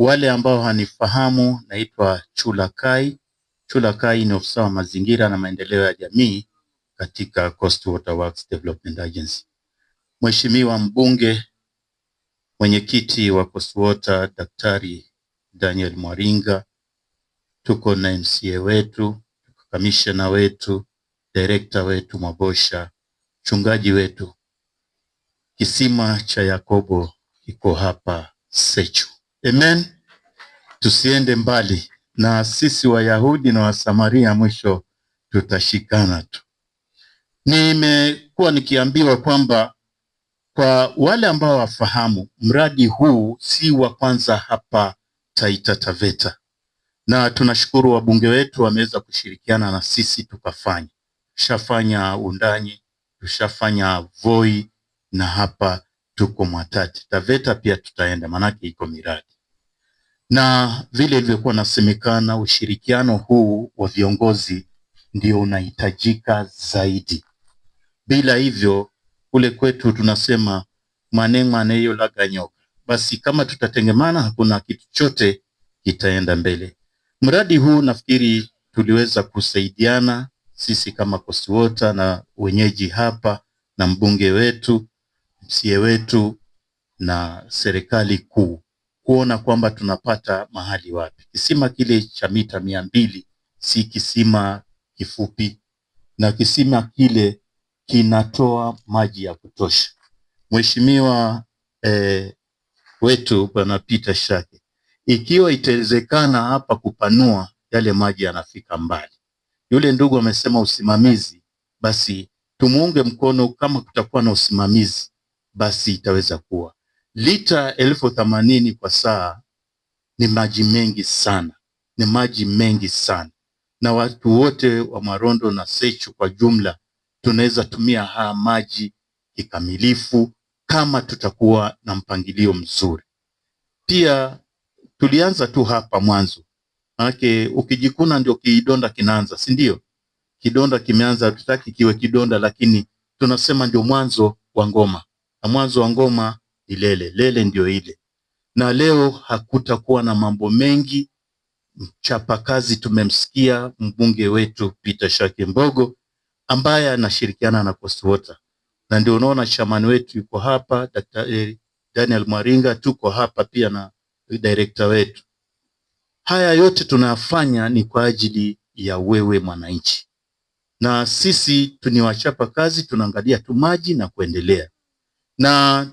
Wale ambao hanifahamu, naitwa Chula Kai. Chula Kai ni ofisa wa mazingira na maendeleo ya jamii katika Coast Water Works Development Agency. Mheshimiwa mbunge mwenyekiti wa Coast Water Daktari Daniel Mwaringa, tuko na MCA wetu, kamishna wetu, direkta wetu Mwabosha, mchungaji wetu, kisima cha Yakobo kiko hapa Sechu. Amen. Tusiende mbali na sisi Wayahudi na Wasamaria, mwisho tutashikana tu. Nimekuwa nikiambiwa kwamba kwa wale ambao wafahamu, mradi huu si wa kwanza hapa Taita Taveta, na tunashukuru wabunge wetu wameweza kushirikiana na sisi tukafanya. Tushafanya Undanyi, tushafanya Voi na hapa tuko Mwatate. Taveta pia tutaenda, maanake iko miradi. Na vile ilivyokuwa nasemekana, ushirikiano huu wa viongozi ndio unahitajika zaidi. Bila hivyo kule kwetu tunasema mwane mwane hiyo Basi kama tutatengemana, hakuna kitu chote kitaenda mbele. Mradi huu nafikiri tuliweza kusaidiana sisi kama Coast Water na wenyeji hapa na mbunge wetu MCA wetu na serikali kuu kuona kwamba tunapata mahali wapi. Kisima kile cha mita mia mbili si kisima kifupi, na kisima kile kinatoa maji ya kutosha. Mheshimiwa eh, wetu Bwana Peter Shake, ikiwa itawezekana hapa kupanua, yale maji yanafika mbali. Yule ndugu amesema usimamizi, basi tumuunge mkono kama kutakuwa na usimamizi basi itaweza kuwa lita elfu themanini kwa saa. Ni maji mengi sana, ni maji mengi sana, na watu wote wa Mwarondo na Sechu kwa jumla tunaweza tumia haya maji kikamilifu kama tutakuwa na mpangilio mzuri. Pia tulianza tu hapa mwanzo, manake ukijikuna ndio kidonda kinaanza, si ndio? Kidonda kimeanza, tutaki kiwe kidonda, lakini tunasema ndio mwanzo wa ngoma na mwanzo wa ngoma ni lele. Lele ndio ile, na leo hakutakuwa na mambo mengi. Mchapakazi tumemsikia mbunge wetu Peter Shake Mbogo ambaye anashirikiana na Coast Water, na ndio unaona shamani wetu yuko hapa, Daktari Daniel Mwaringa, tuko hapa pia na director wetu. Haya yote tunayafanya ni kwa ajili ya wewe mwananchi, na sisi tuniwachapa kazi, tunaangalia tu maji na kuendelea na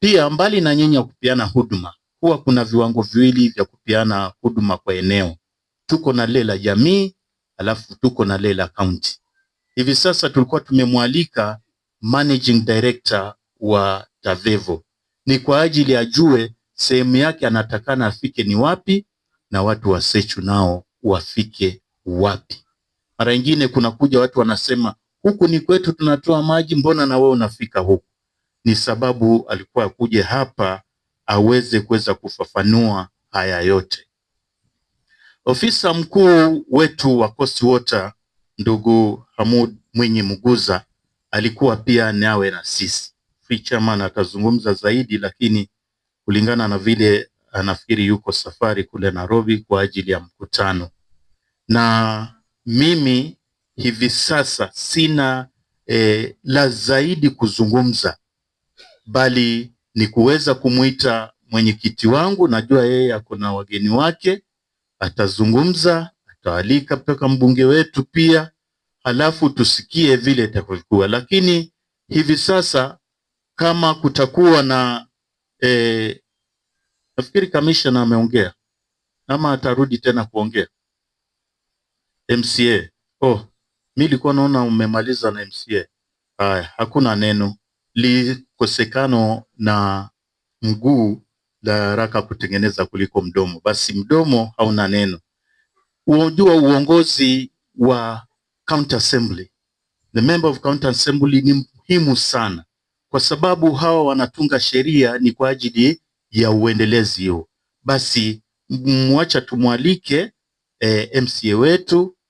pia mbali na nyinyi ya kupeana huduma, huwa kuna viwango viwili vya kupeana huduma kwa eneo. Tuko na lela la jamii, alafu tuko na lela la kaunti. Hivi sasa tulikuwa tumemwalika managing director wa Tavevo, ni kwa ajili ajue sehemu yake anatakana afike ni wapi, na watu wa Sechu nao wafike wapi. Mara nyingine kuna kuja watu wanasema huku ni kwetu tunatoa maji, mbona na wewe unafika huku? ni sababu alikuwa akuje hapa aweze kuweza kufafanua haya yote. Ofisa mkuu wetu wa Coast Water ndugu Hamud Mwinyi Muguza alikuwa pia nawe na sisi Free Chairman atazungumza zaidi, lakini kulingana na vile anafikiri yuko safari kule Nairobi kwa ajili ya mkutano, na mimi hivi sasa sina eh, la zaidi kuzungumza bali ni kuweza kumwita mwenyekiti wangu. Najua yeye ako na wageni wake, atazungumza, atawalika mpaka mbunge wetu pia, halafu tusikie vile itakavyokuwa. Lakini hivi sasa kama kutakuwa na eh, nafikiri kamishna ameongea ama atarudi tena kuongea MCA. Oh, mi nilikuwa naona umemaliza na MCA. Haya, hakuna neno likosekano na mguu la haraka kutengeneza kuliko mdomo, basi mdomo hauna neno. Unajua uongozi wa county assembly, the member of county assembly ni muhimu sana, kwa sababu hawa wanatunga sheria ni kwa ajili ya uendelezi huo. Basi mwacha tumwalike eh, MCA wetu